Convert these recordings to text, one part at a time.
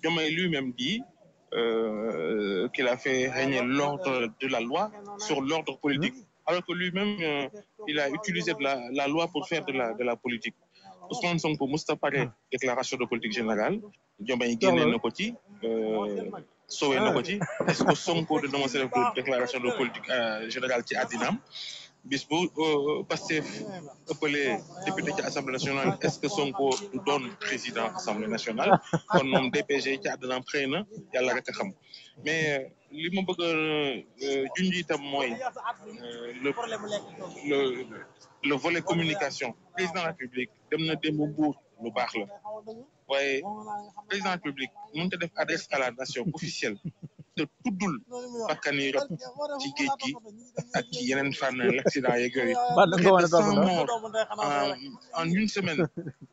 Diomaye lui-même dit euh, qu'il a fait régner l'ordre de la loi sur l'ordre politique, alors que lui-même, euh, il a utilisé la, la, loi pour faire de la, de la politique. son Sonko Moustapha Pare ah. déclaration de politique générale Diomaye yi na ko ci euh, sowee na ko ci ah. est-ce que Sonko dina mos a def déclaration de politique euh, générale ci àddinaam bis bu euh, euh, Pastef ëppalee député ci assemblée nationale est-ce que Sonko du doon président assemblée nationale kon moom DPG ci àddinaam xëy na yàlla rek a xam mais euh, li ma bëgg a junj itam mooy le le volet communication président de la République dem na démb buur lu baax la waaye président de la République mënut def adresse à la nation officielle te tuddul bakkan yi ci géej gi ak ci yeneen fànn l'accident yeeg yooyu près de cent morts en une semaine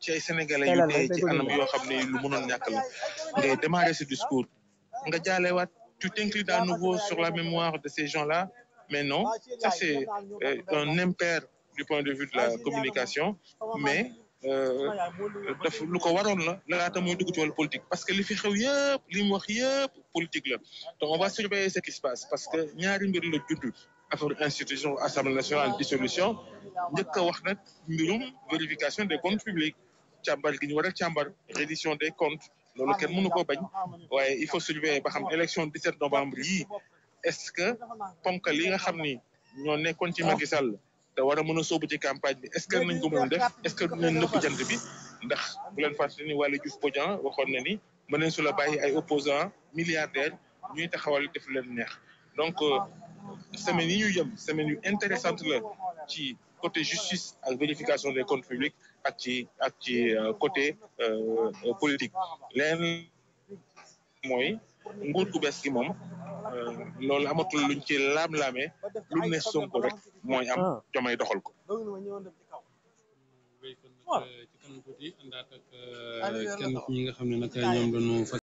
ci ay sénégalais yu dee ci anam yoo xam ne lu mënoon ñàkk la ngay démarrer ce discours nga jaalewaat tu t'inclines à nouveau sur la mémoire de ces gens-là mais non ah, ça c'est euh, un impair du point de vue de la ah, communication mais Euh, daf lu ko waroon la laata muy dugg ci parce que li fi xew yëpp li mu wax yëpp politique la donc on va surveiller ce qui se parce que ñaari mbir la judd affaire institution assemblée nationale dissolution njëkk a wax nag mbirum vérification des comptes publics càmbar gi ñu war a càmbar reddition des comptes loolu kenn mënu ko bañ waaye il faut surveiller ba xam élection 17 novembre yii est-ce que ponk li nga xam ni ñoo nekkoon ci Macky Sall te war a mën a sóobu ci campagne bi est-ce que nañ ko mën a def est-ce que dinañ nëpp jant bi ndax bu leen fàtte ni wala Diouf Bodian waxoon na ni mën nañ su la bàyyi ay opposants milliardaires ñuy taxawal def leen neex donc euh, semaine yi ñu jëm semaine yu intéressante la ci côté justice ak vérification des comptes publics ak ci ak ci euh, côté euh, politique leen mooy nguur gu bees gi moom loolu amatul luñ ci laam-laamee lu ne Sonko rek mooy am ah. jomay doxal ko waaw. kenn ñi nga xam ne nag ñoom dañu